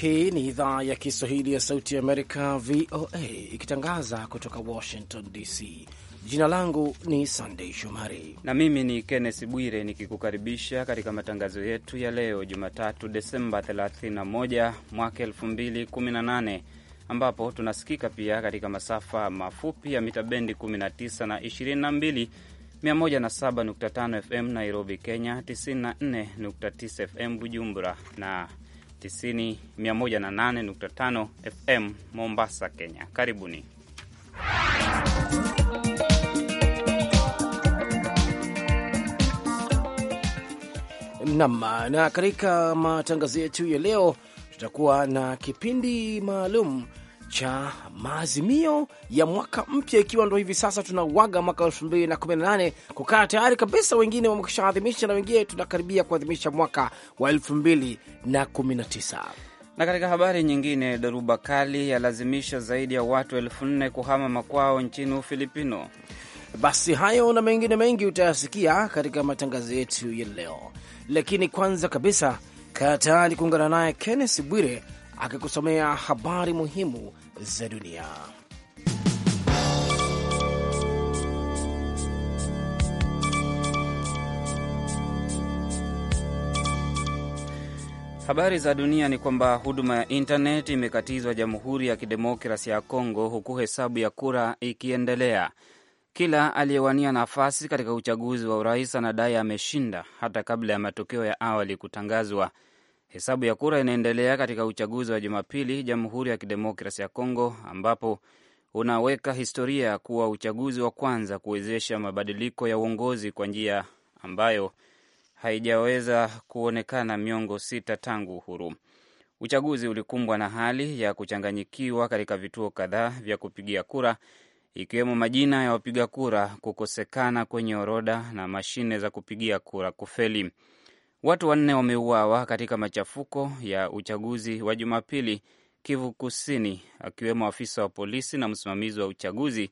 Hii ni idhaa ya Kiswahili ya Sauti ya Amerika, VOA, ikitangaza kutoka Washington DC. Jina langu ni Sandei Shomari na mimi ni kennes Bwire nikikukaribisha katika matangazo yetu ya leo Jumatatu, Desemba 31 mwaka 2018 ambapo tunasikika pia katika masafa mafupi ya mita bendi 19 na 22, 107.5 FM Nairobi, Kenya, 94.9 FM Bujumbura na 98.5 FM Mombasa, Kenya. Karibuni. Nam, na katika matangazo yetu ya leo tutakuwa na kipindi maalum cha maazimio ya mwaka mpya, ikiwa ndo hivi sasa tunauaga mwaka elfu mbili na kumi na nane kukaa tayari kabisa. Wengine wamekwishaadhimisha na wengine tunakaribia kuadhimisha mwaka wa elfu mbili na kumi na tisa na katika habari nyingine, dhoruba kali yalazimisha zaidi ya watu elfu nne kuhama makwao nchini Ufilipino. Basi hayo na mengine mengi utayasikia katika matangazo yetu ya leo, lakini kwanza kabisa kaa tayari kuungana naye Kennes Bwire akikusomea habari muhimu za dunia. Habari za dunia ni kwamba huduma ya intanet imekatizwa Jamhuri ya Kidemokrasia ya Kongo, huku hesabu ya kura ikiendelea. Kila aliyewania nafasi katika uchaguzi wa urais anadai ameshinda hata kabla ya matokeo ya awali kutangazwa. Hesabu ya kura inaendelea katika uchaguzi wa Jumapili, Jamhuri ya Kidemokrasi ya Kongo, ambapo unaweka historia kuwa uchaguzi wa kwanza kuwezesha mabadiliko ya uongozi kwa njia ambayo haijaweza kuonekana miongo sita tangu uhuru. Uchaguzi ulikumbwa na hali ya kuchanganyikiwa katika vituo kadhaa vya kupigia kura, ikiwemo majina ya wapiga kura kukosekana kwenye orodha na mashine za kupigia kura kufeli. Watu wanne wameuawa katika machafuko ya uchaguzi wa Jumapili Kivu Kusini, akiwemo afisa wa polisi na msimamizi wa uchaguzi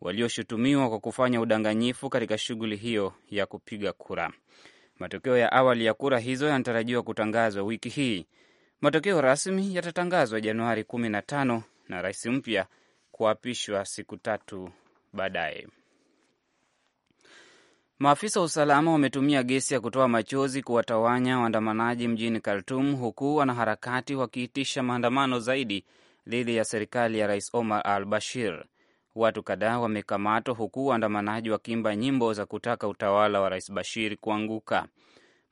walioshutumiwa kwa kufanya udanganyifu katika shughuli hiyo ya kupiga kura. Matokeo ya awali ya kura hizo yanatarajiwa kutangazwa wiki hii. Matokeo rasmi yatatangazwa Januari 15 na rais mpya kuapishwa siku tatu baadaye. Maafisa wa usalama wametumia gesi ya kutoa machozi kuwatawanya waandamanaji mjini Khartum, huku wanaharakati wakiitisha maandamano zaidi dhidi ya serikali ya Rais Omar al Bashir. Watu kadhaa wamekamatwa huku waandamanaji wakiimba nyimbo za kutaka utawala wa Rais Bashir kuanguka.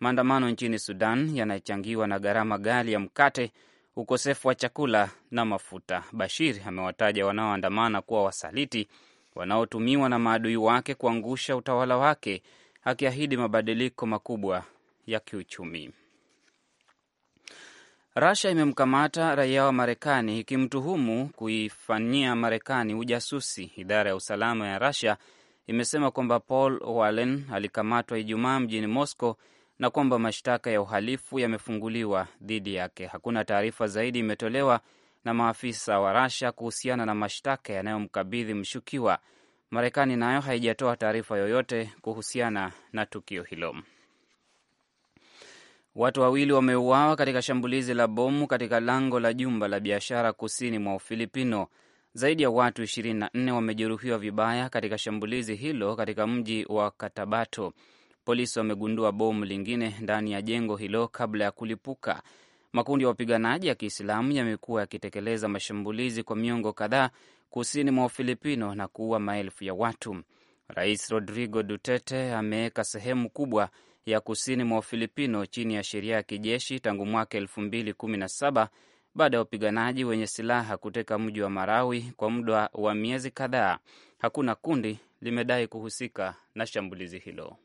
Maandamano nchini Sudan yanachangiwa na gharama ghali ya mkate, ukosefu wa chakula na mafuta. Bashir amewataja wanaoandamana kuwa wasaliti wanaotumiwa na maadui wake kuangusha utawala wake, akiahidi mabadiliko makubwa ya kiuchumi. Rasia imemkamata raia wa Marekani ikimtuhumu kuifanyia Marekani ujasusi. Idara ya usalama ya rasia imesema kwamba Paul walen alikamatwa Ijumaa mjini Moscow na kwamba mashtaka ya uhalifu yamefunguliwa dhidi yake. Hakuna taarifa zaidi imetolewa na maafisa wa Rasia kuhusiana na mashtaka yanayomkabidhi mshukiwa. Marekani nayo haijatoa taarifa yoyote kuhusiana na tukio hilo. Watu wawili wameuawa katika shambulizi la bomu katika lango la jumba la biashara kusini mwa Ufilipino. Zaidi ya watu 24 wamejeruhiwa vibaya katika shambulizi hilo katika mji wa Katabato. Polisi wamegundua bomu lingine ndani ya jengo hilo kabla ya kulipuka. Makundi ya wapiganaji ya Kiislamu yamekuwa yakitekeleza mashambulizi kwa miongo kadhaa kusini mwa Ufilipino na kuua maelfu ya watu. Rais Rodrigo Duterte ameweka sehemu kubwa ya kusini mwa Ufilipino chini ya sheria ya kijeshi tangu mwaka elfu mbili kumi na saba baada ya wapiganaji wenye silaha kuteka mji wa Marawi kwa muda wa miezi kadhaa. Hakuna kundi limedai kuhusika na shambulizi hilo.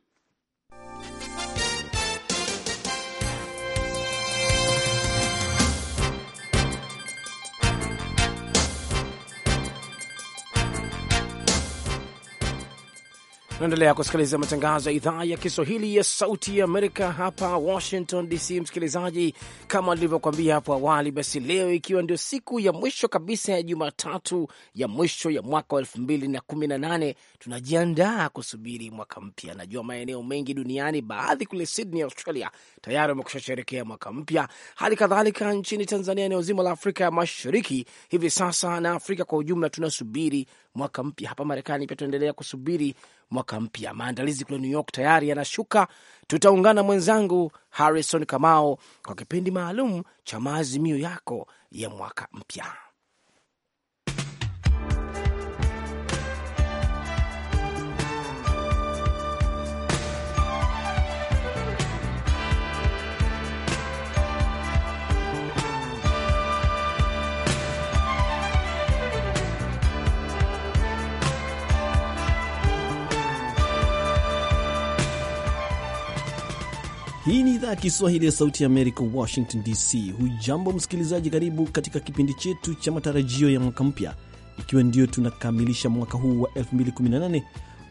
naendelea kusikiliza matangazo ya idhaa ya Kiswahili ya Sauti ya Amerika hapa Washington DC. Msikilizaji, kama nilivyokuambia hapo awali, basi leo ikiwa ndio siku ya mwisho kabisa ya Jumatatu ya mwisho ya mwaka wa elfu mbili na kumi na nane tunajiandaa kusubiri mwaka mpya. Najua maeneo mengi duniani, baadhi kule Sydney, Australia, tayari wamekusha sherekea mwaka mpya. Hali kadhalika nchini Tanzania, eneo zima la Afrika ya Mashariki hivi sasa na Afrika kwa ujumla tunasubiri mwaka mpya. Hapa Marekani pia tunaendelea kusubiri mwaka mpya. Maandalizi kule New York tayari yanashuka. Tutaungana mwenzangu Harrison Kamao kwa kipindi maalum cha maazimio yako ya mwaka mpya. ya Kiswahili ya Sauti ya Amerika, Washington DC. Hujambo msikilizaji, karibu katika kipindi chetu cha matarajio ya mwaka mpya. Ikiwa ndio tunakamilisha mwaka huu wa 2018,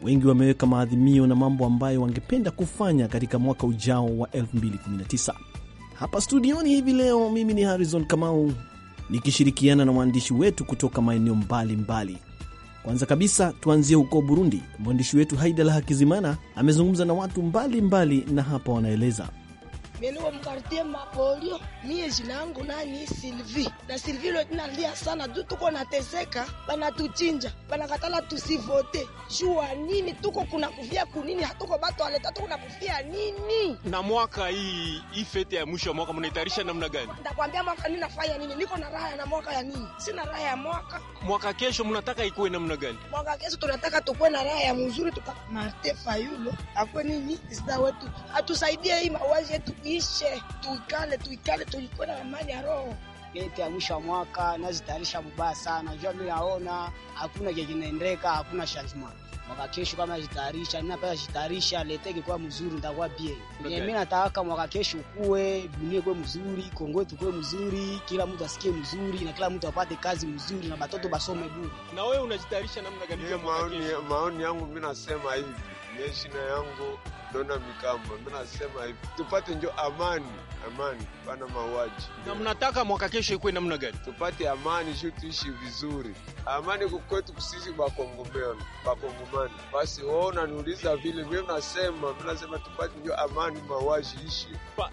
wengi wameweka maadhimio na mambo ambayo wangependa kufanya katika mwaka ujao wa 2019. Hapa studioni hivi leo, mimi ni Harrison Kamau nikishirikiana na waandishi wetu kutoka maeneo mbalimbali. Kwanza kabisa tuanzie huko Burundi. Mwandishi wetu Haidala Hakizimana amezungumza na watu mbalimbali mbali, na hapa wanaeleza menuwo mkartie mapolio. Mie jina yangu nani? Silvi na Silvi lo lia sana tu, tuko nateseka, bana katala tusivote jua nini, tuko kuna kufia kunini, hatuko bato aleta tuko na kufia nini. Na mwaka hii hii fete ya mwisho ya mwaka mnaitarisha namna gani? Ndakwambia mwaka nina faya nini, niko na raha na mwaka ya nini, sina raha ya mwaka. Mwaka kesho mnataka ikuwe namna gani? Mwaka kesho tunataka tukuwe na raha ya mzuri, tuka Marte Fayulo akwe nini sida wetu atusaidie hii mawaji yetu tuishe, tuikale, tuikale, tulikuwa na amani ya roho. Yete ya mwisho wa mwaka nazitayarisha mubaya sana, jua mimi naona hakuna keki inaendeka, hakuna shazima mwaka kesho. Kama zitayarisha nina pesa zitayarisha, leteke kwa mzuri, nitakuwa bie okay. Mimi nataka mwaka kesho kuwe dunia kuwe mzuri, Kongo tukue mzuri, kila mtu asikie mzuri na kila mtu apate kazi mzuri na batoto basome bure. Na wewe unajitayarisha namna gani? Maoni, Maoni yangu mimi nasema hivi ya shina yangu Dona Mikamba, mimi nasema hivi tupate njo amani, amani pana mauaji. Na mnataka mwaka kesho ikuwe namna gani? Tupate amani shu tuishi vizuri, amani kukwetu kusisi bakongomani bakongomani. Basi wao naniuliza vile, mimi nasema mimi nasema tupate njo amani, mauaji ishi.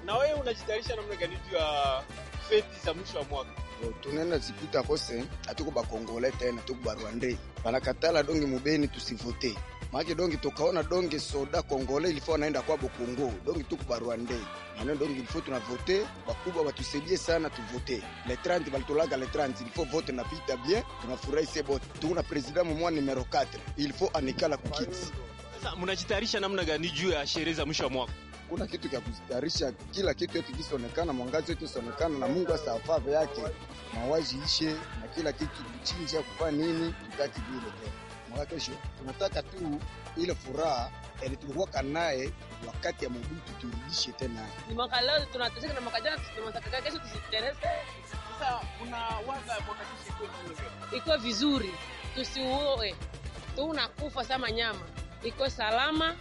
Na wewe unajitayarisha namna gani juu ya feti za mwisho wa mwaka eh, tunaenda kose, bakongole tena, tuko barwande banakatala donge mubeni tusivote make donge tukaona donge soda kongole ilifo anaenda kwa bokongo donge tuko barwande donge ilifo tunavote bakubwa batusaidie sana tuvote le 30 balitolaga le 30 ilifo vote napita bien tunafurahi tuko na president mumwa numero 4 ilifo anikala kukiti. Sasa namna gani juu ya sherehe za mwisho wa mwaka? hakuna kitu cha kustarisha, kila kitu yetu kisionekana, mwangazi wetu usionekana, na Mungu asafave yake mawaji ishe na kila kitu kuchinja kufanya nini tutaki vile tena mwakesho. Tunataka tu ile furaha ile tulikuwa naye wakati ya Mobutu turudishe tena. Ni mwaka leo tunateseka na mwaka jana, tunataka kesho tusiterese. Sasa kuna waza mwaka kesho iko vizuri, tusiuoe, tu unakufa sama nyama, iko salama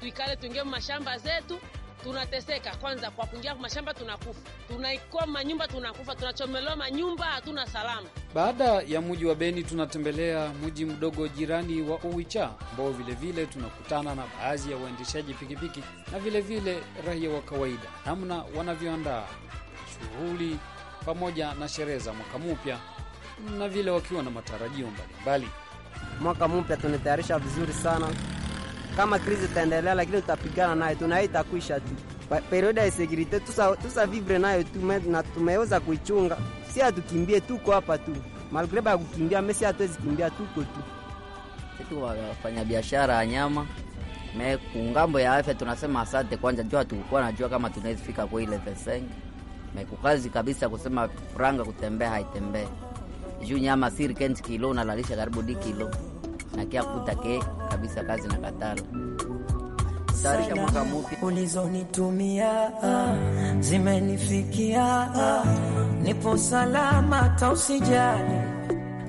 tuikale tuingie mashamba zetu tunateseka kwanza, kwa kuingia mashamba tunakufa, tunaikua manyumba tunakufa, tunachomelewa manyumba, hatuna salama. Baada ya muji wa Beni, tunatembelea muji mdogo jirani wa Uwicha ambao vilevile tunakutana na baadhi ya waendeshaji pikipiki na vilevile raia wa kawaida, namna wanavyoandaa shughuli pamoja na sherehe za mwaka mpya, na vile wakiwa na matarajio mbalimbali. Mwaka mpya tunatayarisha vizuri sana kama krizi itaendelea, lakini tutapigana nayo, tunaita itakwisha tu perioda ya sekirite tusa, tusa vivre nayo tu na tumeweza kuichunga. Si hatukimbie, tuko hapa tu malgreba ya kukimbia mesi, hatuwezi kimbia, tuko tu situ wafanya biashara ya nyama me kungambo ya afya. Tunasema asante kwanza, jua tukukua najua kama tunaweza fika kwa ile veseng mekukazi kabisa kusema franga kutembea haitembee juu nyama sirikenti kilo unalalisha karibu di kilo nakiakutake kabisa kazi na katalo ulizonitumia zimenifikia, nipo salama, tausijali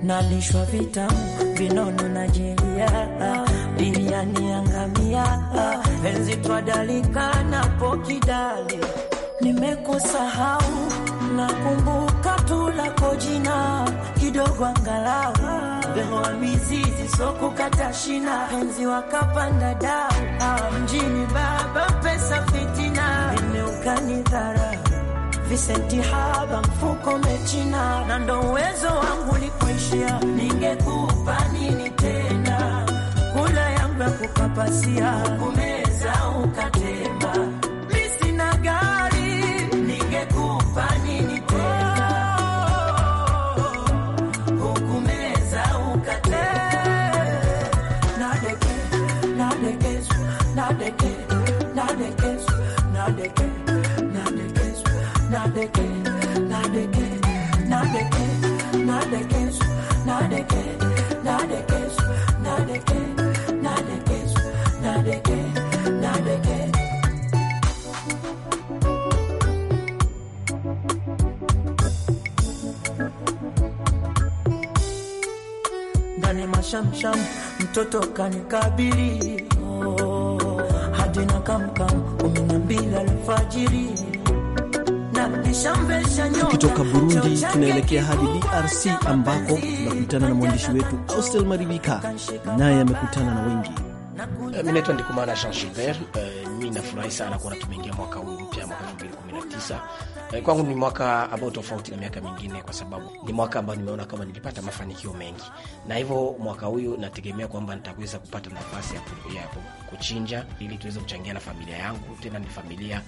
nalishwa vitamu vinono na jelia, biriani ya enzi twadalika napo kidali, nimekusahau nakumbuka lako jina kidogo angalau bewa mizizi so kukata shina enzi wakapanda dau hawa mjini baba pesa fitina imeukani dhara visenti haba mfuko mechina na ndo uwezo wangu likuishia ningekupa nini tena kula yangu ya kukapasia Kume Shamsham mtoto kanikabili, oh, hadi na kamkam umenambila alfajiri Tukitoka Burundi tunaelekea hadi DRC ambako tunakutana na mwandishi wetu Austel Maribika, naye amekutana na wengi. Eh, mi naitwa Ndikumana Jean Gilbert. Eh, mi nafurahi sana kuona tumeingia mwaka huu mpya, mwaka 2019 eh, kwangu ni mwaka ambao tofauti na miaka mingine, kwa sababu ni mwaka ambao nimeona kama nilipata mafanikio mengi, na hivyo mwaka huyu nategemea kwamba nitaweza kupata nafasi ya kuchinja ili tuweze kuchangia na familia yangu, tena ni familia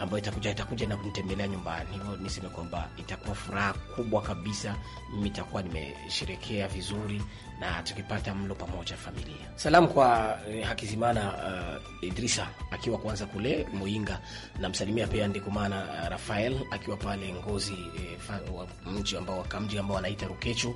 ambayo itakuja itakuja na kunitembelea nyumbani. Hivyo niseme kwamba itakuwa furaha kubwa kabisa, mimi itakuwa nimesherekea vizuri na tukipata mlo pamoja familia. Salamu kwa eh, Hakizimana uh, Idrisa akiwa kwanza kule Muinga, namsalimia pia Ndikumana uh, eh, Rafael akiwa pale Ngozi eh, wa mji ambao kamji ambao anaita Rukechu.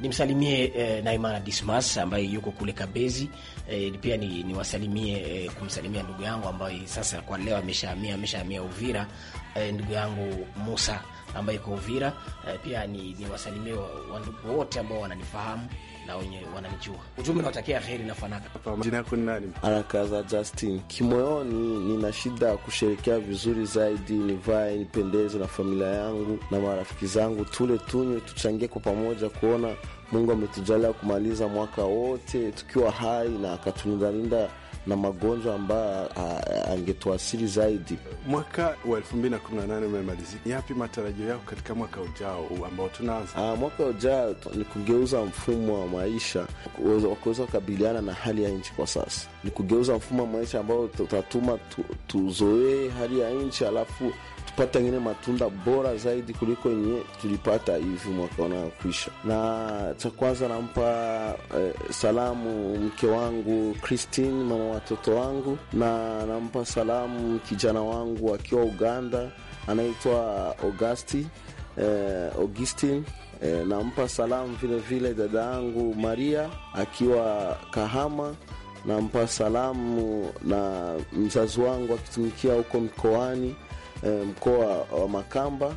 Nimsalimie eh, Naimana Dismas ambaye yuko kule Kabezi eh, pia ni, niwasalimie eh, kumsalimia ndugu yangu ambaye sasa kwa leo ameshahamia ameshahamia Uvira eh, ndugu yangu Musa ambayo iko Uvira. Eh, pia ni, ni wasalimie wandugu wote ambao wananifahamu na wenye wananijua. Ujumbe nawatakia heri na fanaka. Jina yako ni nani? Arakaza Justin. Kimoyoni nina shida ya kusherekea vizuri zaidi, nivae nipendeze na familia yangu na marafiki zangu, tule tunywe, tuchangie kwa pamoja kuona Mungu ametujalia kumaliza mwaka wote tukiwa hai na akatulindalinda na magonjwa ambayo angetuasiri zaidi. Mwaka wa elfu mbili na kumi na nane umemalizika, ni yapi matarajio yako katika mwaka ujao ambao tunaanza? Aa, mwaka ujao ni kugeuza mfumo wa maisha wakuweza kukabiliana na hali ya nchi kwa sasa, ni kugeuza mfumo wa maisha ambao tutatuma tuzoee hali ya nchi alafu kupata ngine matunda bora zaidi kuliko yenye tulipata hivi mwaka unaokwisha. Na cha kwanza nampa eh, salamu mke wangu Christine, mama watoto wangu, na nampa salamu kijana wangu akiwa Uganda anaitwa Augusti eh, Augustine. E, eh, nampa salamu vile vile dada yangu Maria akiwa Kahama nampa salamu na mzazi wangu akitumikia huko mkoani Eh, mkoa wa Makamba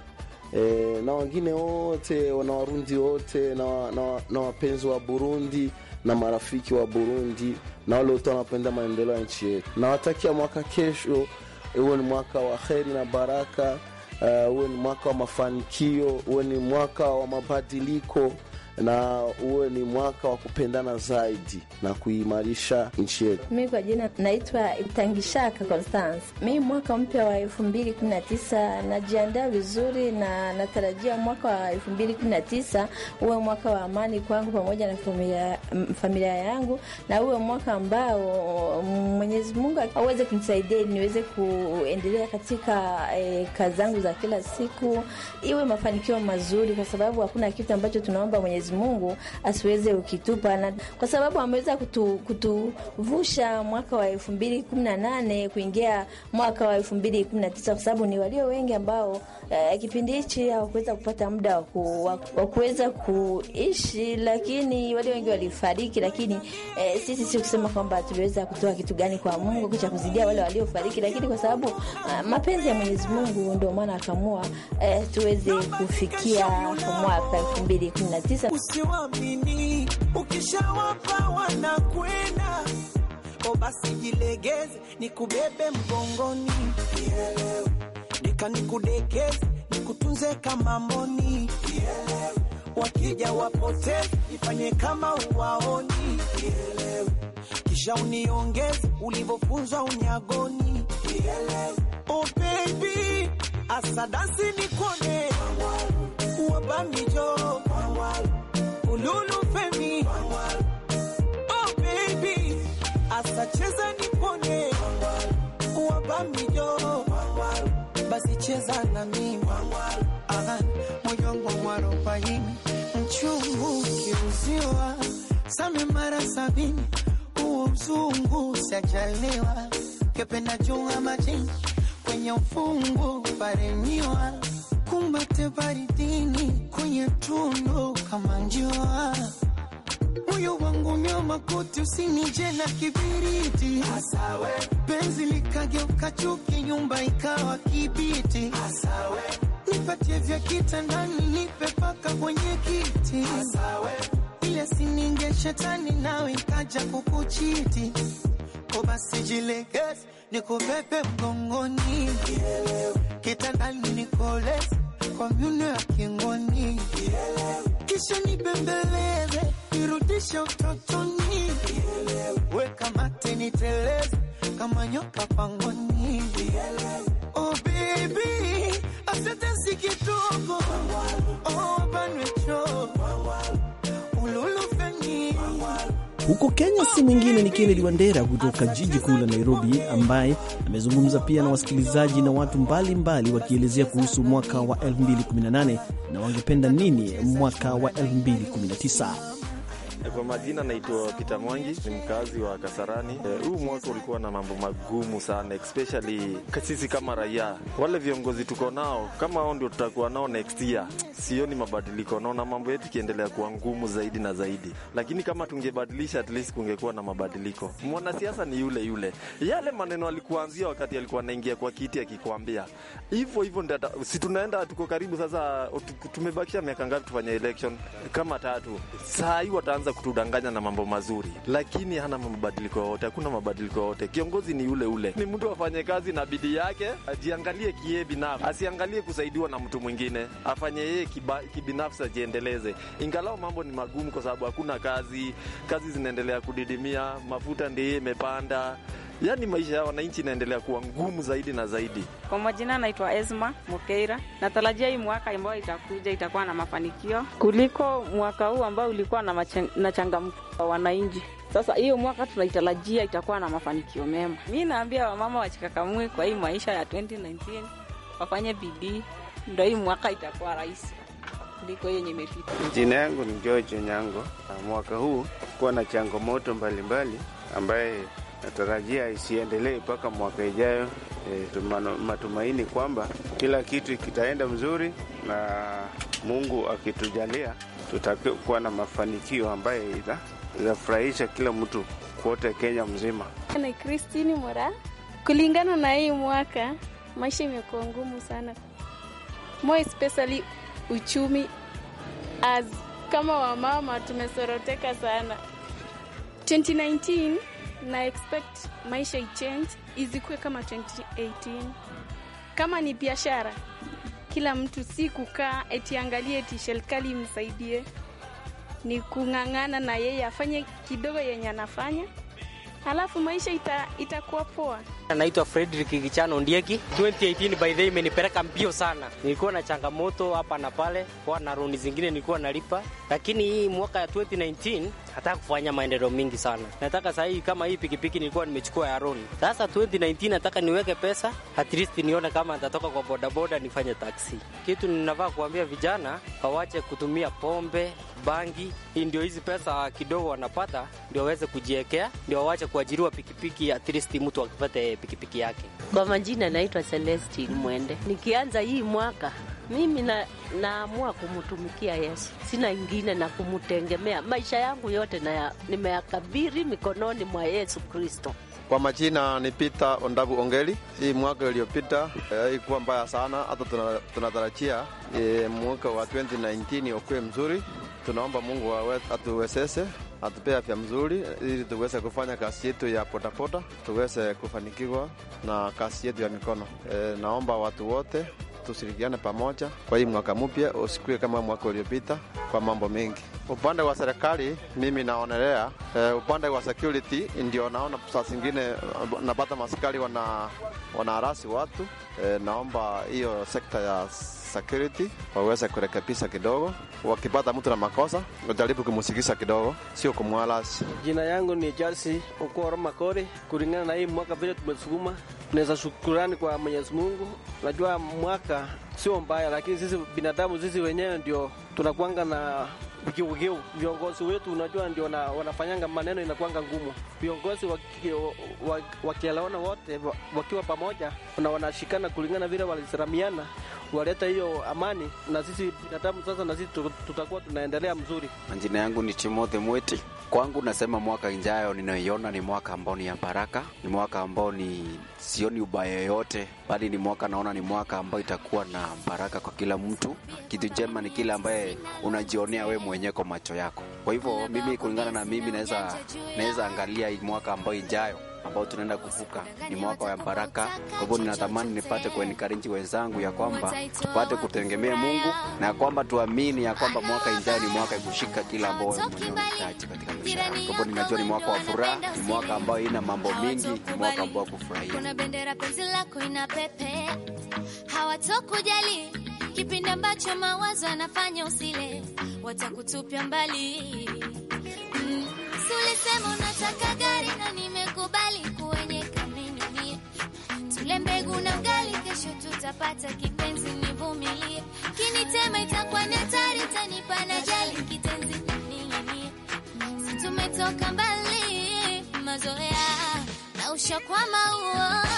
e, na wengine wote na Warundi wote na, na, na wapenzi wa Burundi na marafiki wa Burundi na wale wote wanapenda maendeleo ya nchi yetu. Nawatakia mwaka kesho uwe ni mwaka wa heri na baraka, eh, uwe uh, ni mwaka wa mafanikio, uwe ni mwaka wa mabadiliko na uwe ni mwaka wa kupendana zaidi na kuimarisha nchi yetu. Mimi kwa jina naitwa Itangishaka Constance. Mi mwaka mpya wa elfu mbili kumi na tisa najiandaa vizuri na natarajia mwaka wa elfu mbili kumi na tisa uwe mwaka wa amani kwangu pamoja na familia, familia yangu na uwe mwaka ambao Mwenyezi Mungu aweze kunisaidia niweze kuendelea katika eh, kazi zangu za kila siku, iwe mafanikio mazuri, kwa sababu hakuna kitu ambacho tunaomba Mwenyezi Mungu asiweze ukitupa na, kwa sababu ameweza kutuvusha kutu mwaka wa elfu mbili kumi na nane kuingia mwaka wa elfu mbili kumi na tisa kwa sababu ni walio wengi ambao eh, kipindi hichi hawakuweza kupata muda wa kuweza kuishi, lakini walio wengi walifariki, lakini eh, sisi si kusema kwamba tuliweza kutoa kitu gani kwa Mungu kifupi cha kuzidia wale waliofariki, lakini kwa sababu uh, mapenzi ya Mwenyezi Mungu ndio maana akamua uh, eh, tuweze kufikia mwaka 2019. Usiwaamini, ukishawapa wanakwenda. Oh, basi jilegeze, nikubebe mgongoni, dika nikudekeze, nikutunze kama mboni wakija wapote, ifanye kama uwaoni kielewe, kisha uniongeze ulivyofunzwa unyagoni kielewe. Oh baby asadasi nikone wabamijo ululu femi oh baby asacheza nikone wabamijo basi cheza na mimi arobaini mchungu kiuziwa same mara sabini huo mzungu sajaliwa kependa junga majini kwenye ufungu paremiwa kumbate baridini kwenye tundu kama njua moyo wangu nyoma koti usinije na kibiriti penzi likageuka chuki nyumba ikawa kibiti Asawe nipatie vya kitandani, nipe paka kwenye kiti, ile sininge shetani nawe nkaja kukuchiti. Ko basi jilegeze, nikubebe mgongoni, kitandani nikoleze kwa myuno ya kingoni, kisha nibembeleze, nirudishe utotoni, weka mate niteleze kama nyoka pangoni. Oh baby huko Kenya si mwingine ni Kennedy Wandera kutoka jiji kuu la Nairobi, ambaye amezungumza pia na wasikilizaji na watu mbalimbali wakielezea kuhusu mwaka wa 2018 na wangependa nini mwaka wa 2019. Kwa majina naitwa Peter Mwangi, ni mkazi wa Kasarani. Eh, huu e, mwaka ulikuwa na mambo magumu sana, especially sisi kama raia. Wale viongozi tuko nao kama hao ndio tutakuwa nao next year, sioni mabadiliko. Naona mambo yetu ikiendelea kuwa ngumu zaidi na zaidi, lakini kama tungebadilisha, at least kungekuwa na mabadiliko. Mwanasiasa ni yule yule, yale maneno alikuanzia wakati alikuwa anaingia kwa kiti akikwambia hivyo hivyo, ndio si tunaenda, tuko karibu sasa. Tumebakisha miaka ngapi tufanye election? Kama tatu. Saa hii wataanza anaweza kutudanganya na mambo mazuri, lakini hana mabadiliko yoyote. Hakuna mabadiliko yoyote, kiongozi ni yule yule. Ni mtu afanye kazi na bidii yake, ajiangalie kiye binafsi, asiangalie kusaidiwa na mtu mwingine, afanye yeye kibinafsi, ajiendeleze. Ingalau mambo ni magumu, kwa sababu hakuna kazi, kazi zinaendelea kudidimia, mafuta ndiye imepanda yani maisha ya wananchi inaendelea kuwa ngumu zaidi na zaidi. Kwa majina naitwa Esma Mokeira, natarajia hii mwaka ambayo itakuja itakuwa na mafanikio kuliko mwaka huu ambao ulikuwa na, na changamoto kwa wananchi. Sasa hiyo mwaka tunaitarajia itakuwa na mafanikio mema. Mi naambia wamama wachikakamue kwa hii maisha ya 2019 wafanye bidii, ndo hii mwaka itakuwa rahisi kuliko hiyo yenye imepita. Jina yangu ni George Nyango. Mwaka huu kuwa na changamoto mbalimbali ambaye natarajia isiendelee mpaka mwaka ijayo. E, matumaini kwamba kila kitu kitaenda mzuri na Mungu akitujalia tutakuwa na mafanikio ambayo itafurahisha kila mtu kote Kenya mzima. Na Christine Mora, kulingana na hii mwaka maisha imekuwa ngumu sana, more especially uchumi as kama wamama tumesoroteka sana 2019 na expect maisha ichange izikuwe kama 2018. Kama ni biashara, kila mtu si kukaa etiangalie eti serikali imsaidie, ni kung'ang'ana na yeye afanye kidogo yenye anafanya, halafu maisha ita, itakuwa poa. Naitwa Frederick Gichano Ndieki. 2018 by the way imenipeleka mbio sana. Nilikuwa na changamoto hapa na pale, kwa na loan zingine nilikuwa nalipa, lakini hii mwaka ya 2019 nataka kufanya maendeleo mingi sana. Nataka sahii kama hii pikipiki nilikuwa nimechukua ya sasa 2019 nataka niweke pesa at least nione kama nitatoka kwa bodaboda nifanye taksi. Kitu ninavaa kuambia vijana wawache kutumia pombe, bangi. Hii ndio hizi pesa kidogo wanapata ndio waweze kujiekea ndio wawache kuajiriwa pikipiki, at least mtu akipata pikipiki yake. Kwa majina naitwa Celestine Mwende, nikianza hii mwaka mimi na, naamua kumtumikia Yesu, sina ingine na kumutengemea Maisha yangu yote na nimeyakabiri mikononi mwa Yesu Kristo. Kwa majina ni Peter Ondabu Ongeli. Hii mwaka iliyopita eh, haikuwa e, mbaya sana, hata tunatarajia e, mwaka wa 2019 ukuwe mzuri. Tunaomba Mungu atuwezeshe atupea afya mzuri ili tuweze kufanya kazi yetu ya potapota, tuweze kufanikiwa na kazi yetu ya mikono. E, naomba watu wote tushirikiane pamoja kwa hii mwaka mpya, usikue kama mwaka uliopita kwa mambo mengi upande wa serikali mimi naonelea e, upande wa security ndio naona saa zingine eh, napata masikali wana wanaharasi watu e, naomba hiyo sekta ya security waweze kurekebisha kidogo. Wakipata mtu na makosa, wajaribu kumsikisa kidogo, sio kumwalasi. Jina yangu ni Jasi Okoro Makori. Kulingana na hii mwaka vile tumesukuma, naweza shukurani kwa Mwenyezi Mungu. Najua mwaka sio mbaya, lakini sisi binadamu sisi wenyewe ndio tunakuanga na vigeugeu viongozi wetu, unajua ndio na, wanafanyanga maneno inakuanga ngumu. Viongozi wakielewana wak, wote wakiwa pamoja na wanashikana kulingana vile walisalamiana, waleta hiyo amani, na sisi binadamu sasa, na sisi tutakuwa tunaendelea mzuri. Majina yangu ni Timothy Mweti. Kwangu nasema mwaka injayo ninayoiona ni mwaka ambao ni ya baraka, ni mwaka ambao ni sioni ubaya yoyote, bali ni mwaka naona ni mwaka ambao itakuwa na baraka kwa kila mtu. Kitu jema ni kile ambaye unajionea wewe mwenyewe kwa macho yako. Kwa hivyo mimi, kulingana na mimi, naweza naweza angalia mwaka ambayo ijayo ambao tunaenda kuvuka ni mwaka wa baraka. Kwa hivyo ninatamani nipate kuencourage wenzangu ya kwamba tupate kutegemea Mungu na ya kwamba tuamini ya kwamba mwaka ijayo ni mwaka ikushika kila ambao mwenyewe unahitaji katika maisha. Kwa hivyo ninajua ni mwaka wa furaha, ni mwaka ambao ina mambo mingi, ni mwaka ambao kufurahia. Kuna bendera penzi lako inapepea, hawatokujali kipindi ambacho mawazo yanafanya usile, watakutupia mbali. Mm, si unataka gari na nimekubali kwenye kamini mie, tule mbegu na ugali, kesho tutapata kipenzi, nivumilie. Kinitema itakuwa ni hatari, tanipa na jali kitenzi nininie, si tumetoka mbali, mazoea na ushakwama huo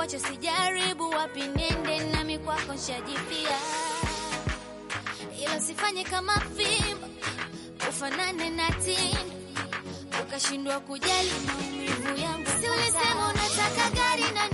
kwacho sijaribu, wapi nende nami kwako nshajipia, ila sifanye kama fimbo ufanane na tindo, ukashindwa kujali maumivu yangu. Si ulisema unataka gari na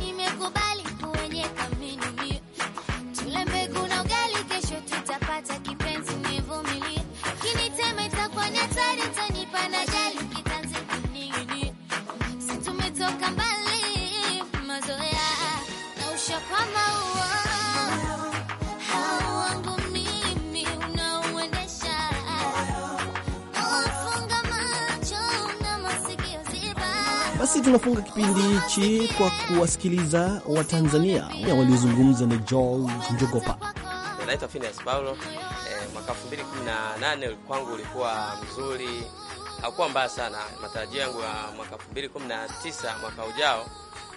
tunafunga kipindi hichi kwa kuwasikiliza Watanzania waliozungumza na George Njogopa. Naitwa Phineas Paulo. E, mwaka 2018 kwangu ulikuwa mzuri, haukuwa mbaya sana. Matarajio yangu ya mwaka 2019 mwaka ujao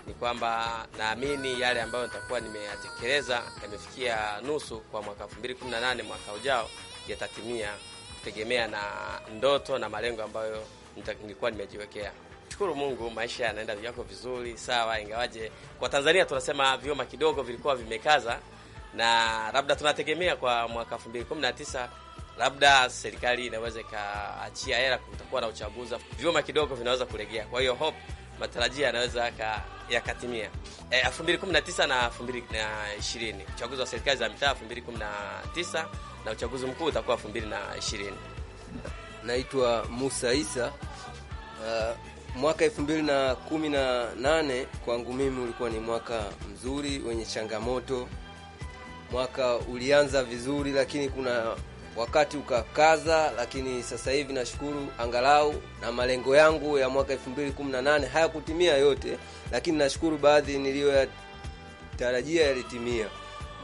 ni kwamba naamini yale ambayo nitakuwa nimeyatekeleza yamefikia nusu kwa mwaka 2018 mwaka ujao yatatimia, kutegemea na ndoto na malengo ambayo nilikuwa nimejiwekea tunamshukuru Mungu, maisha yanaenda yako vizuri, sawa, ingawaje kwa Tanzania tunasema vyoma kidogo vilikuwa vimekaza, na labda tunategemea kwa mwaka 2019 labda serikali inaweza ikaachia hela, kutakuwa na uchaguzi, vyoma kidogo vinaweza kulegea. Kwa hiyo hope, matarajio yanaweza yakatimia. E, 2019 na 2020 uchaguzi wa serikali za mitaa 2019 na uchaguzi mkuu utakuwa 2020. Naitwa Musa Isa. Uh, Mwaka elfu mbili na kumi na nane kwangu mimi ulikuwa ni mwaka mzuri wenye changamoto. Mwaka ulianza vizuri, lakini kuna wakati ukakaza, lakini sasa hivi nashukuru angalau na malengo yangu ya mwaka elfu mbili kumi na nane hayakutimia yote, lakini nashukuru baadhi niliyoyatarajia yalitimia.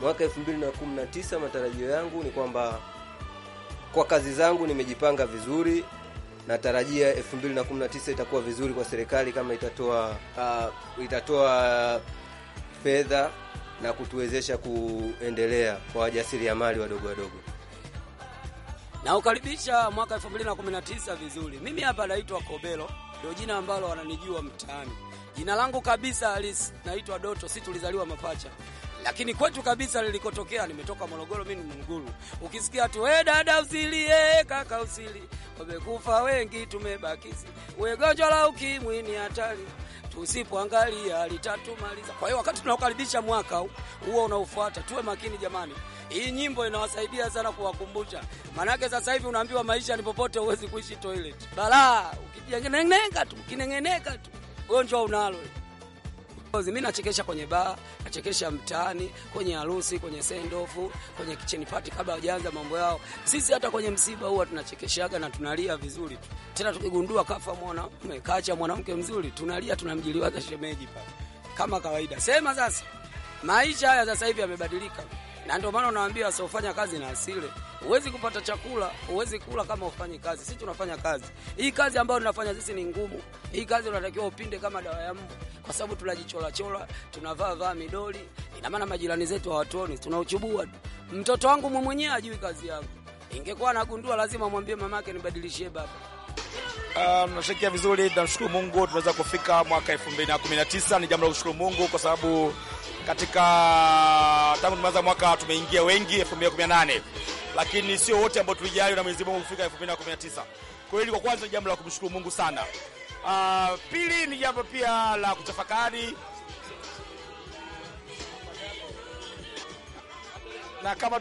Mwaka elfu mbili na kumi na tisa matarajio yangu ni kwamba kwa kazi zangu nimejipanga vizuri natarajia 2019 itakuwa vizuri kwa serikali kama itatoa uh, itatoa fedha na kutuwezesha kuendelea kwa wajasiriamali wadogo wadogo. Na ukaribisha mwaka 2019 vizuri. Mimi hapa naitwa Kobelo, ndio jina ambalo wananijua mtaani. Jina langu kabisa halisi naitwa Doto, si tulizaliwa mapacha lakini kwetu kabisa lilikotokea, nimetoka Morogoro, mimi ni Mnguru. Ukisikia tu we dada usilie, eh, kaka usili, wamekufa wengi, tumebakizi we gonjwa la ukimwi ni hatari tusipoangalia litatumaliza. Kwa hiyo wakati tunaokaribisha mwaka huo unaofuata, tuwe makini jamani. Hii nyimbo inawasaidia sana kuwakumbusha, maanake sasa hivi unaambiwa maisha ni popote, huwezi kuishi toilet balaa, ukijengeneneka tu, ukinengeneka tu, gonjwa unalo. Mimi nachekesha kwenye baa, nachekesha mtaani, kwenye harusi, kwenye sendofu, kwenye kitchen party kabla hawajaanza mambo yao. Sisi hata kwenye msiba huwa tunachekeshaga na tunalia vizuri tu. Tena tukigundua kafa mwanaume, kacha mwanamke mzuri, tunalia tunamjiliwaza shemeji pale. Kama kawaida. Sema sasa. Maisha haya sasa hivi yamebadilika na ndio maana unawaambia wasiofanya kazi na asile. Huwezi kupata chakula, huwezi kula kama ufanyi kazi. Sisi tunafanya kazi hii, kazi ambayo tunafanya sisi ni ngumu. Hii kazi unatakiwa upinde kama dawa ya mbu, kwa sababu tunajichola chola, tunavaa vaa midoli. Ina maana majirani zetu hawatuoni, tunauchubua. Mtoto wangu mwenyewe ajui kazi yangu, ingekuwa anagundua lazima mwambie mamake nibadilishie baba Tunasherekea um, vizuri, tunamshukuru Mungu tumeweza kufika mwaka 2019 ni jambo la kushukuru Mungu kwa sababu katika tangu tumeanza mwaka tumeingia wengi 2018 lakini sio wote ambao tulijali na Mwenyezi Mungu kufika 2019. Kwa hiyo kwa kwanza ni jambo la kumshukuru Mungu sana. Uh, pili ni jambo pia la kutafakari na kama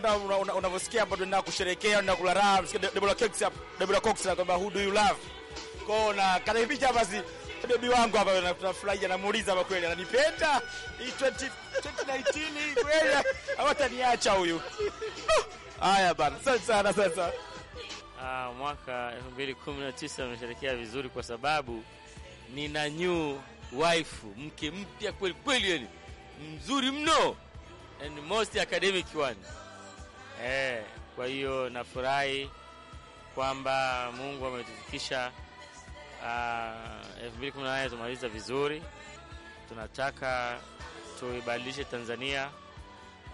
unavyosikia hapa, tunaenda kusherehekea na kula raha. Msikia Deborah Cox hapa, Deborah Cox anakwambia who do you love kwao, na kata basi hapa, si bebi wangu hapa, tunafurahia. Namuuliza hapa, kweli ananipenda hii 2019 kweli, hawataniacha huyu. Haya bana, asante sana, Sasa Ah, mwaka 2019 amesherekea vizuri kwa sababu nina new wife, mke mpya kweli kweli, yani mzuri mno and most academic one. Eh, kwa hiyo nafurahi kwamba Mungu ametufikisha uh, 2018 tumaliza vizuri. Tunataka tuibadilishe Tanzania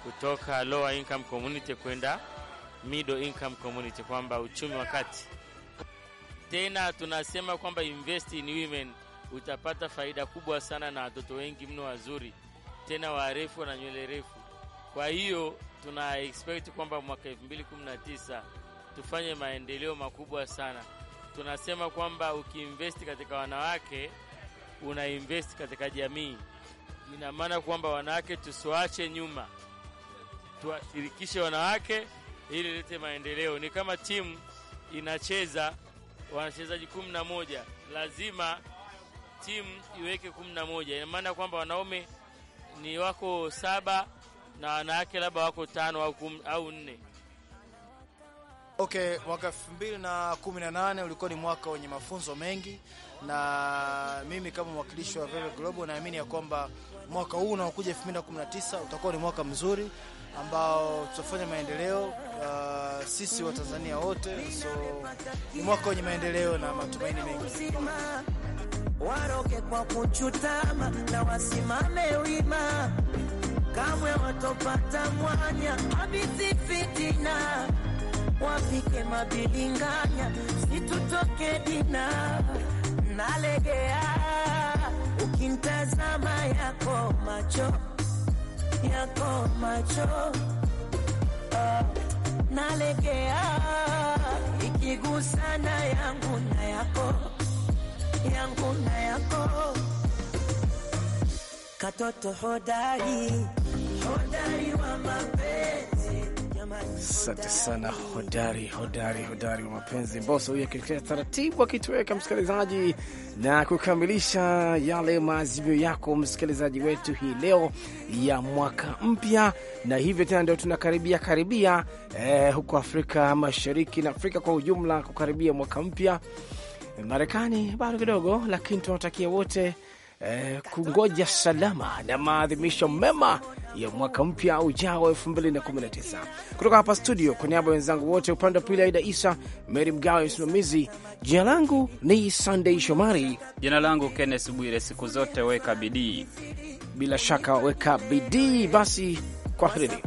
kutoka lower income community kwenda middle income community, kwamba uchumi wa kati. Tena tunasema kwamba invest in women, utapata faida kubwa sana na watoto wengi mno wazuri, tena warefu na nywele refu. Kwa hiyo tuna expect kwamba mwaka 2019 tufanye maendeleo makubwa sana. Tunasema kwamba ukiinvest katika wanawake invest katika jamii. Ina maana kwamba wanawake tusiwache nyuma, tuwashirikishe wanawake ili lete maendeleo. Ni kama timu inacheza wanachezaji kumi na moja, lazima timu iweke kumi na moja. Ina maana kwamba wanaume ni wako saba na wanawake labda wako tano au kumi au nne. Okay, mwaka elfu mbili na kumi na nane ulikuwa ni mwaka wenye mafunzo mengi, na mimi kama mwakilishi wa Veve Global naamini ya kwamba mwaka huu unaokuja elfu mbili na kumi na tisa utakuwa ni mwaka mzuri ambao tutafanya maendeleo uh, sisi Watanzania wote, so ni mwaka wenye maendeleo na matumaini mengi. Waroke kwa kuchutama na wasimame wima kamwe watopata mwanya, abisi fitina, wapike mabilinganya, situtoke dina, nalegea ukintazama yako macho yako macho, uh, nalegea ikigusana yangu na yako yangu na yako katoto hodari Asante sana, hodari hodari hodari wa mapenzi Mboso huyo akilekea taratibu akitoweka msikilizaji, na kukamilisha yale maazimio yako msikilizaji wetu hii leo ya mwaka mpya. Na hivyo tena ndio tunakaribia karibia, eh, huko Afrika Mashariki na Afrika kwa ujumla kukaribia mwaka mpya. Marekani bado kidogo, lakini tunawatakia wote eh, kungoja salama na maadhimisho mema ya mwaka mpya ujao na tisa. kutoka hapa studio. Kwa niaba ya wenzangu wote, upande wa pili Aida Isa, Meri Mgawe msimamizi, jina langu ni Sandei Shomari. Jina langu kennes Bwire. Siku zote weka bidii, bila shaka weka bidii. Basi kwaherini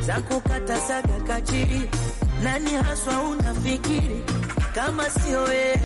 za kukata saga kachiri, nani haswa unafikiri kama sio wewe